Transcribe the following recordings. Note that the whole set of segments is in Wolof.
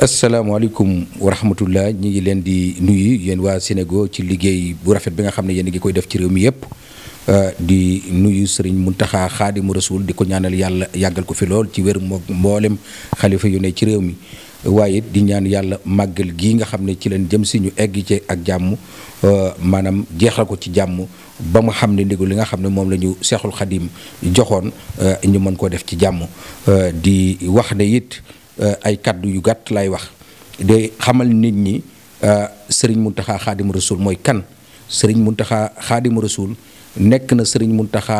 asalaamaaleykum wa rahmatullah ñi ngi leen di nuyu yéen waa Sénégal ci liggéey bu rafet bi nga xam ne yéen a ngi koy def ci réew mi yëpp euh, di nuyu sëriñ Muntaxa Xaadimu Rasuul di ko ñaanal yàlla yàggal ko fi lool ci wér moo mboolem xalifa yu ne ci réew mi waaye di ñaan yàlla màggal gii nga xam ne ci leen jëm si ñu egg ci ak jàmm euh, maanaam jeexal ko ci jàmm ba mu xam ne ndigal li nga xam ne moom la ñu seexul xadim joxoon euh, ñu mën koo def ci jàmm di wax ne it Euh, ay kàddu yu gàtt lay wax de xamal nit ñi euh, sëriñ Muntaxa Xaadimu Rasuul mooy kan sëriñ Muntaxa Xaadimu Rasuul nekk na sëriñ Muntaxa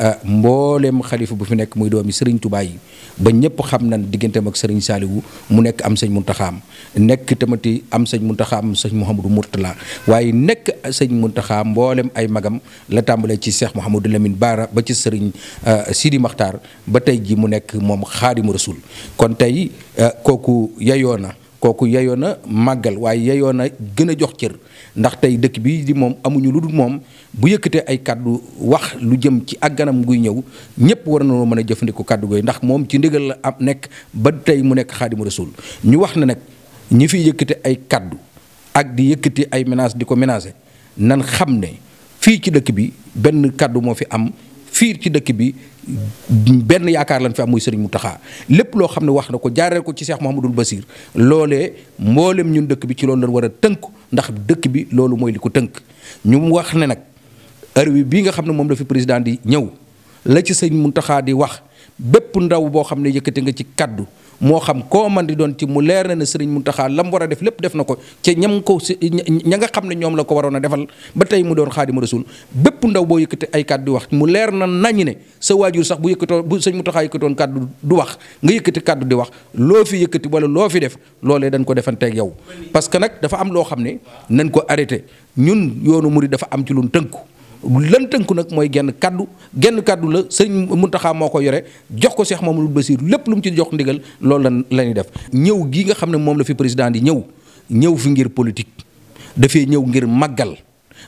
Euh, mboolem xalifa bu fi nekk muy doom yi sëriñ Tuubaa yi ba ñëpp xam nañ diggante ak sëriñ Saaliwu mu nekk am sëñ Muntaxaam nekk tamati am sëñ Muntaxaam sëñ Mouhamadou Mourtala waaye nekk sëñ Muntaxaam mboolem ay magam la tàmbalee ci Cheikh Mouhamadou Baara ba ci sëriñ euh, Sidi Maxtaar ba tey ji mu nekk moom Xaadimu Rasul kon tey euh, kooku yayoo na kooku yeyoo na màggal waaye yeyoo na gën a jox cër ndax tey dëkk bi di moom amuñu lu dul moom bu yëkkatee ay kàddu wax lu jëm ci àgganam guy ñëw ñëpp war nañoo mën a jëfandikoo kàddu gooy ndax moom ci ndigal la am nekk ba tey mu nekk xaadimu rasul ñu wax ne nag ñi fi yëkkate ay kàddu ak di yëkkati ay menaces di ko menacer nan xam ne fii ci dëkk bi benn kàddu moo fi am. fiir ci dëkk bi benn yaakaar lañ fi am muy mu taxaa lépp loo xam ne wax na ko jaareel ko ci seex Cheikh Mouhamadul Basir loolee mboolem ñun dëkk bi ci loolu lañ war a tënk ndax dëkk bi loolu mooy li ko tënk ñu mu wax ne nag heure bii nga xam ne moom la fi président di ñëw la ci sëñ sëriñ taxaa di wax bépp ndaw boo xam ne yëkkate nga ci kàddu moo xam koo man di doon ci mu leer na ne sëriñ mu la mu war a def lépp def na ko ca ñam ko si ña nga xam ne ñoom la ko waroon a defal ba tey mu doon Xaadimu Rasuul bépp ndaw boo yëkkate ay kàddu di wax mu leer na nañ ne sa waajur sax bu yëkkatoo bu sëriñ Muntaxa yëkkatoon kàddu du wax nga yëkkati kàddu di wax loo fi yëkkati wala loo fi def loolee dañ ko defanteeg yow parce que nag dafa am loo xam ne nañ ko arrêté ñun yoonu murid dafa am ci lu tënku lan tënku nag mooy genn kàddu genn kàddu la sëriñ Muntaxa moo ko yore jox ko Cheikh Mamadou Bassirou lépp lu mu ci jox ndigal loolu lan la def ñëw gi nga xam ne moom la fi président di ñëw ñëw fi ngir politique dafay ñëw ngir màggal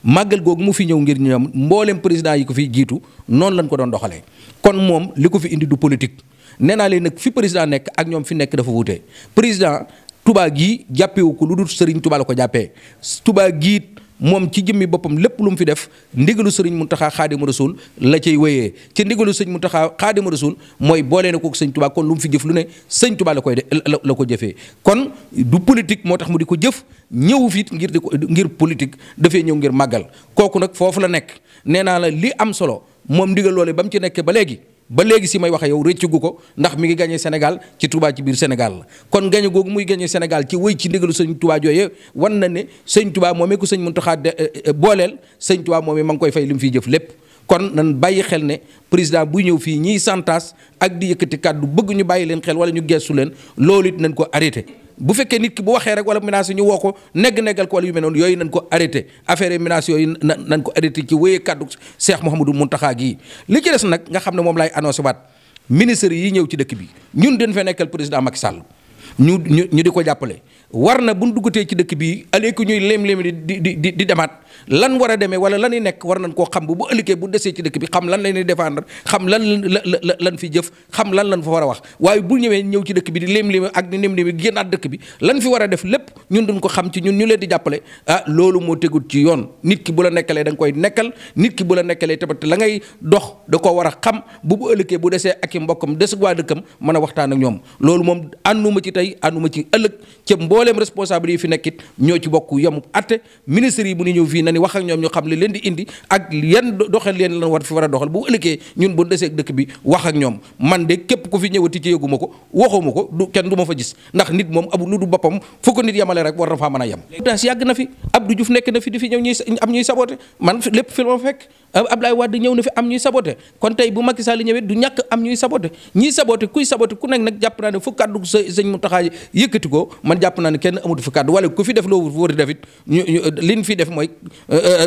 màggal googu mu fi ñëw ngir ñoom mboolem président yi ko fiy jiitu noonu lañ ko doon doxalee kon moom li ko fi indi du politique nee naa leen nag fi président nekk ak ñoom fi nekk dafa wutee président Touba gii jàppewu ko lu dul Serigne Touba la ko jàppee Touba gii moom ci jëmmi boppam lépp lu mu fi def ndigalu sëriñ Muntaxa Xaadimu Rasuul la cay wéyee ci ndigalu sëriñ Muntaxa Xaadimu Rasuul mooy boole na ko sëñ Tuubaa kon lu mu fi jëf lu ne sëñ Tuubaa la koy de la ko jëfee kon du politique moo tax mu di ko jëf ñëw fi ngir di ko ngir politique dafee ñëw ngir màggal kooku nag foofu la nekk nee naa la li am solo moom ndigal loole ba mu ci nekkee ba léegi ba léegi si may waxee yow gu ko ndax mi ngi gañee Sénégal ci Touba ci biir Sénégal la kon gagné googu muy gagné Sénégal ci wëy ci ndigalu sëñ Touba jooyee wan na ne sëñ Touba moomee ku sëñ Muntaxa euh, euh, booleel sëñ Touba moomee ma ngi koy fay li mu fiy jëf lépp kon nan bàyyi xel ne président buy ñëw fii ñiy santas ak di yëkkati kàddu bëgg ñu bàyyi leen xel wala ñu geestu leen loolu it nañ ko arrêté bu fekkee nit ki bu waxee rek wala menaces yi ñu woo ko negg-neggal ko wala yu mel noonu yooyu nañ ko arrêté affaire menaces yooyu na nañ ko arrêté ci wéyee kàddu Cheikh Mouhamadou Mountakha gii li ci des nag nga xam ne moom laay annoncé waat ministre yi ñëw ci dëkk bi ñun dañ fa nekkal président Macky ñu ñu ñu di ko jàppale war na bu ñu duggatee ci dëkk bi alee ku ñuy léem-léem di di di di demaat lan war a demee wala lanuy nekk war nañ koo xam bu bu ëllëgee bu desee ci dëkk bi xam lan la ñuy défendre xam lan la la lan jëf xam lan lan fa war a wax waaye bu ñëwee ñëw ci dëkk bi di léem-léem ak di néem-néem dëkk bi lan fi war a def lépp ñun duñ ko xam ci ñun ñu leen di jàppale ah loolu moo tegut ci yoon nit ki bu la nekkalee da koy nekkal nit ki bu la nekkalee tamit la ngay dox da koo war a xam bu bu ëllëgee bu desee ak i mbokkam des waa dëkkam mën a waxtaan ak ñoom loolu moom ànduma ci tey ànduma ci ëllëg mbooleem responsable yi fi nekkit ñoo a doxal bu ëllëgee ñun ko waxuma ko du kenn du na faa a yem tas yàgg na fi Abdou Diouf nekk na fi di ñëw na fi am ñuy saboté kon tey bu Macky Sall ñëwee du ñàkk am ñuy saboté ñiy saboté kuy saboté ku nekk nag jàpp naa ne fu kàddu sëñ Mountakha yëkkati ko man jàpp naa ne kenn amut fu kàddu wala ku fi def loo war a def it ñu fi def mooy euh, euh,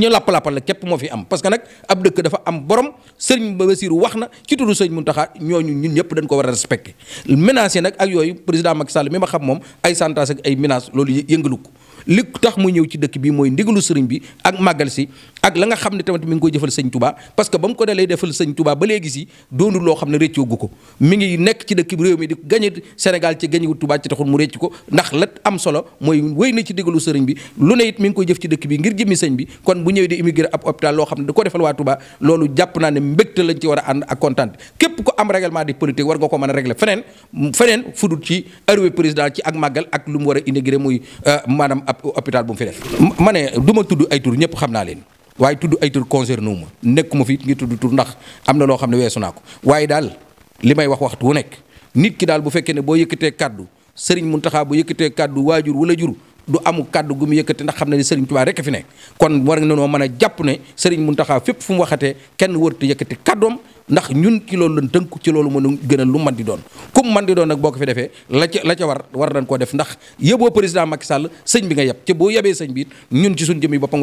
ñu lapp la képp moo fi am parce que nag ab dëkk dafa am borom sëriñ Basiru wax na ci tudd sëriñ Muntaxa ñooñu ñun ñëpp dañ ko war a respecté menaces yi nag ak yooyu président mac Sall mi ma xam moom ay chantage ak ay menaces loolu yëngalu ko li tax mu ñëw ci dëkk bi mooy ndigalu sëriñ bi ak màggal si ak la nga xam ne tamit mi ngi koy jëfal sëñ tubaa parce que ba mu ko dalee defal sëñ Touba ba léegi si doonu loo xam ne réccoogu ko mi ngi nekk ci dëkk bi réew mi di gañe Sénégal ci gañewu tubaa ci taxul mu récc ko ndax la am solo mooy wéy na ci ndigalu sëriñ bi lu ne it mi ngi koy jëf ci dëkk bi ngir jëmmi sëñ bi kon bu ñëwee di immigré ab hôpital loo xam ne da ko defal waa Touba loolu jàpp naa ne mbégte lañ ci war a ànd ak kontaan képp ko am règlement di politique war nga ko mën a régler feneen feneen fudul ci arrivé président ci ak màggal ak lu mu war a intégré muy euh, maanaam ab hôpital bu mu fi def. ma ne du ma tudd ay tur ñëpp xam naa leen waaye tudd ay tur concerné wu ma nekkuma fi ngir tudd tur ndax am na loo xam ne weesu naa ko waaye daal li may wax waxtu wu nekk nit ki daal bu fekkee ne boo yëkkatee kàddu sëriñ taxaa bu yëkkatee kàddu waajur wala jur. du amu kàddu gu mu yëkkati ndax xam ne ni Serigne Touba rek fi nekk kon war nañoo mën a jàpp ne Serigne Mountakha fépp fu mu waxatee kenn warut a yëkkati kàddoom ndax ñun ci loolu lañ tënku ci loolu mën a lu man di doon comme man di doon nag boo ko fi defee la ca la ca war war nañ koo def ndax président Macky Sall sëñ bi nga yeb ca boo yebee sëñ bi it ñun ci suñ jëmm yi boppam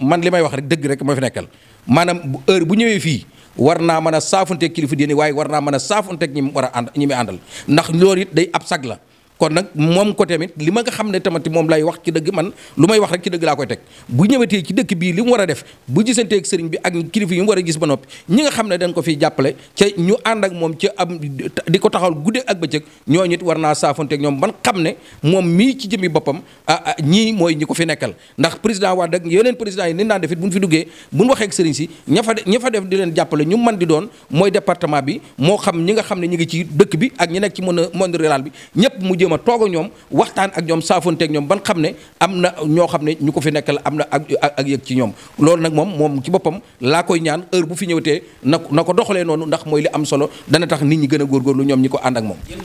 man li may wax rek dëgg rek moo fi nekkal maanaam heure bu ñëwee fii war naa mën a saafunteeg kilifa diine waaye war naa mën a saafunteeg ñi mu war a ànd ñi muy àndal ndax loolu it day ab sag la kon nag moom ko tamit li ma nga xam ne tamati moom lay wax ci dëgg man lu may wax rek ci dëgg laa koy teg bu ñëwetee ci dëkk bii li mu war a def bu gisantee ak sëriñ bi ak kilifa yi mu war a gis ba noppi nga xam ne dañ ko fiy jàppale ca ñu ànd ak moom ca am di ko taxawal guddee ak bëccëg ñoo ñit war naa saafonteeg ñoom man xam ne moom mii ci jëmi boppam ah, ah, ñii mooy ñi ko fi nekkal ndax président Wade ak yeneen président yi ni naan defit bu ñu fi duggee bu ñu waxee ak sëriñ si ña fa ña fa def di leen jàppale ñu man di doon mooy département bi moo xam ñi nga xam ne ñi ngi ci dëkk bi ak ñi nekk ci mën monde rural bi ma toog ak ñoom waxtaan ak ñoom saafonteeg ñoom ban xam ne am na ñoo xam ne ñu ko fi nekkal am na ak ak yëg ci ñoom loolu nag moom moom ci boppam laa koy ñaan heure bu fi ñëwtee na na ko doxalee noonu ndax mooy li am solo dana tax nit ñi gën a góorgóorlu ñoom ñi ko ànd ak moom